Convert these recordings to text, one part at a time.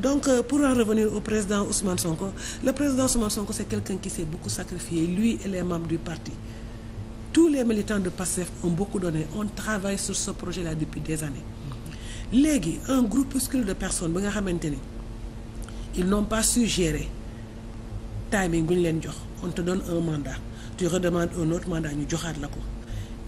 donc euh, pour en revenir au président Ousmane Sonko le président Ousmane Sonko c'est quelqu'un qui s'est beaucoup sacrifié lui et les membres du parti tous les militants de PASTEF ont beaucoup donné on travaille sur ce projet la depuis des années léegi un groupuscule de personnes ba nga xamante ni il n'ont pas su gérer timing bu ñu leen jox on te donne un mandat tu redemandes un autre mandat ñu joxaat la ko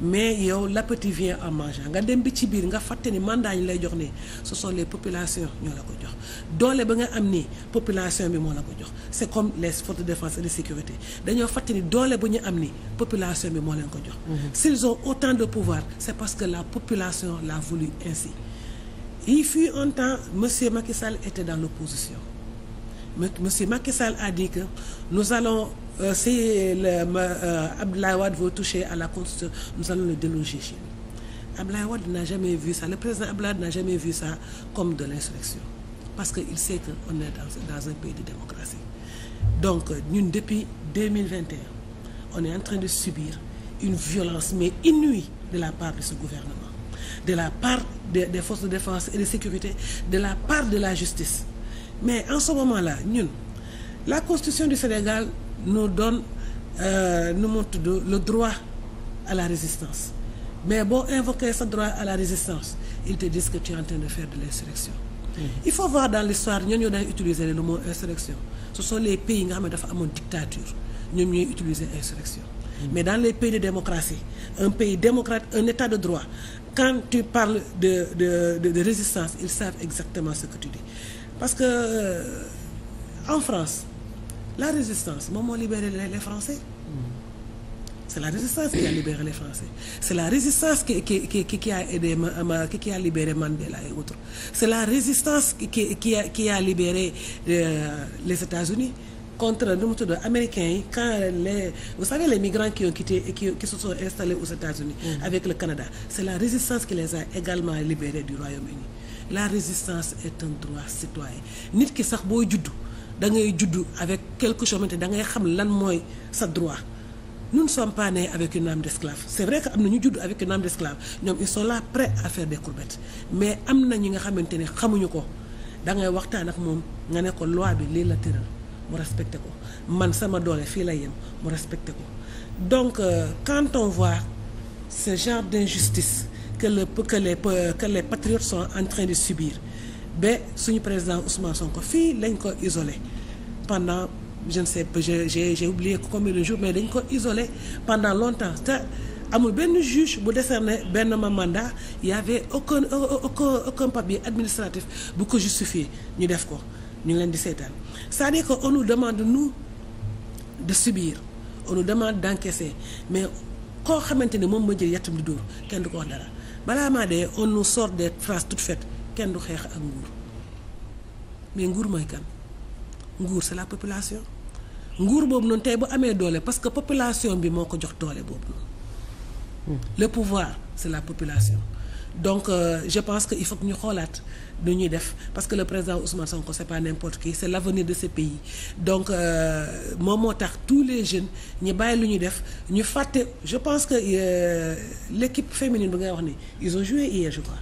mais yow la l'appétit vient en mangeant nga dem bi ci biir nga fàtte ni mandat ñu lay jox ni ce sont les populations ñoo la ko jox doole ba nga am ni population bi moo la ko jox c'est comme les forces de défense et de sécurité dañoo fàtte ni doole bu ñu am ni population bi moo leen ko jox mhm. s'ils ont autant de pouvoir c'est parce que la population l'a voulu ainsi il fut un temps monsieur Macky Sall était dans l'opposition mais monsieur Macky Sall nous allons Euh, si le euh, Abdoulaye Wade toucher à la Constitution nous allons le déloger chez lui Abdoulaye Wade n'a jamais vu ça le président Abdoulaye Wade n'a jamais vu ça comme de l'insurrection parce que il sait que pays de démocratie donc ñun depuis 2021 on est en train de subir une violence mais inouïe de la part de ce gouvernement de la part des des forces de défense et de sécurité de la part de la justice mais en ce moment-là ñun la constitution du Sénégal nous doon euh, nu mu tudd le droit à la résistance mais boo invoquer sa droit à la résistance ils te disent que tu en train de faire de l'insurrection mm-hmm. il faut voir dans l'histoire ñoo ñoo daan utiliser le moo insurrection ce sont les pays nga xam ne dafa amoon dictature ñoom ñooy utiliser insurrection mm-hmm. mais dans les pays de démocratie un pays démocrate un état de droit quand tu parles de de de, de résistance ils savent exactement ce que tu dis parce que euh, en France la résistance moom moo libéré les Français mm. c'est la résistance qui a libéré les Français c'est la résistance qui qui qui qui a aidé ma qui a libéré Mandela la résistance qui qui a qui euh, les États-Unis contre nu mu tudd américains yi quand les vous savez les migrants qui ont quitté et qui, qui aux États-Unis mm. avec le Canada c'est la résistance qui les a également libérés du Royaume-Uni la résistance est un droit citoyen nit ki sax booy juddu da ngay juddu avec quelque chose da ngay xam lan mooy sa droit lun ne sommes pas nés avec une âme d'esclave c'est vrai que am na ñu judd avec une âme d'esclave ñoom ils sont là prêts à faire des mais am na ñi nga xamante ne xamuñu ko dangay waxtaan ak moom nga ne ko loi bi lii la tëral mu respecté ko man sama doole fii la yem mu respecté ko donc euh, quand on voit ce genre d'injustice que le que les que les patriotes sont en train de ba suñu président Ousmane Sonko fii lañ ko isolé pendant je ne sais pas j'ai j'ai oublié combien de jours mais dañ ko isolé pendant longtemps te amul benn juge bu décerné benn ma mandat y avait aucun aucun aucun papier administratif bu ko justifier ñu def ko ñu ngi leen di seetaan c'est-à-dire que on nous demande nous de subir on nous demande d'encaisser mais koo xamante ni moom ma jël yàttam di dóor kenn du ko wax dara balaa maa dee on nous sort des phrases toutes faites kenn du xeex ak nguur mais nguur mooy kan nguur c'est la population nguur boobu noonu tey bu amee doole parce que population bi moo ko jox doole boobu noonu. Hmm. le pouvoir c'est la population. donc euh, je pense que il faut ñu xoolaat du ñuy def parce que le président Ousmane Sonko c'est pas n'importe qui c'est l'avenir de ce pays donc euh, moom moo tax tous les jeunes ñi bàyyi lu ñuy def ñu fàtte je pense que euh, l'équipe féminine bi ngay wax ni ils ont joué hier je crois.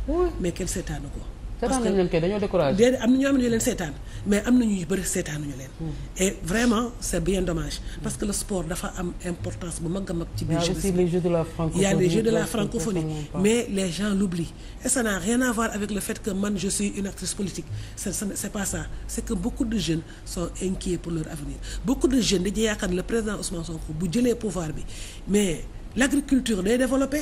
parce que dañoo découragé. déedéet am na ñoo xam ne ñu leen seetaan mais am na ñuy bëri seetaanuñu leen. Hmm. et vraiment c' bien dommage. parce que le sport dafa am importance bu mag a mag. ci biir jeunesse a de la francophonie. y' la mais les gens l' oublient. et ça n'a rien à voir avec le fait que man je suis une actrice politique c' est c' est pas ça c' est que de jeunes sont inquiets pour leur avenir beaucoup de jeunes dañuy yaakaar ne président Ousmane Sonko bu jëlee pouvoir bi mais day développé.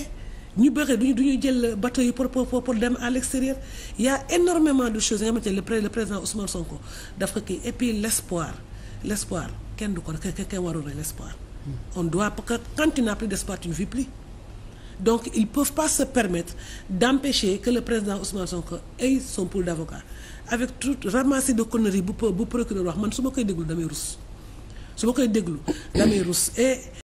ñu bëri duñu du ñu jël bateau yi pour pour pour dem à l'extérieur il y a énormément de choses nga xamante ne le président Ousmane Sonko dafa kii et puis l'espoir l'espoir kenn du ko kenn warul na l'espoir hmm. on parce que quand tu n'as plus d'espoir tu ne vis plus donc ils peuvent pas se permettre d'empêcher que le président Ousmane Sonko ait son pool d'avocats avec tout ramassis de conneries bu bu procureur wax man su ma koy déglu damay rus su ma koy déglu damay rus et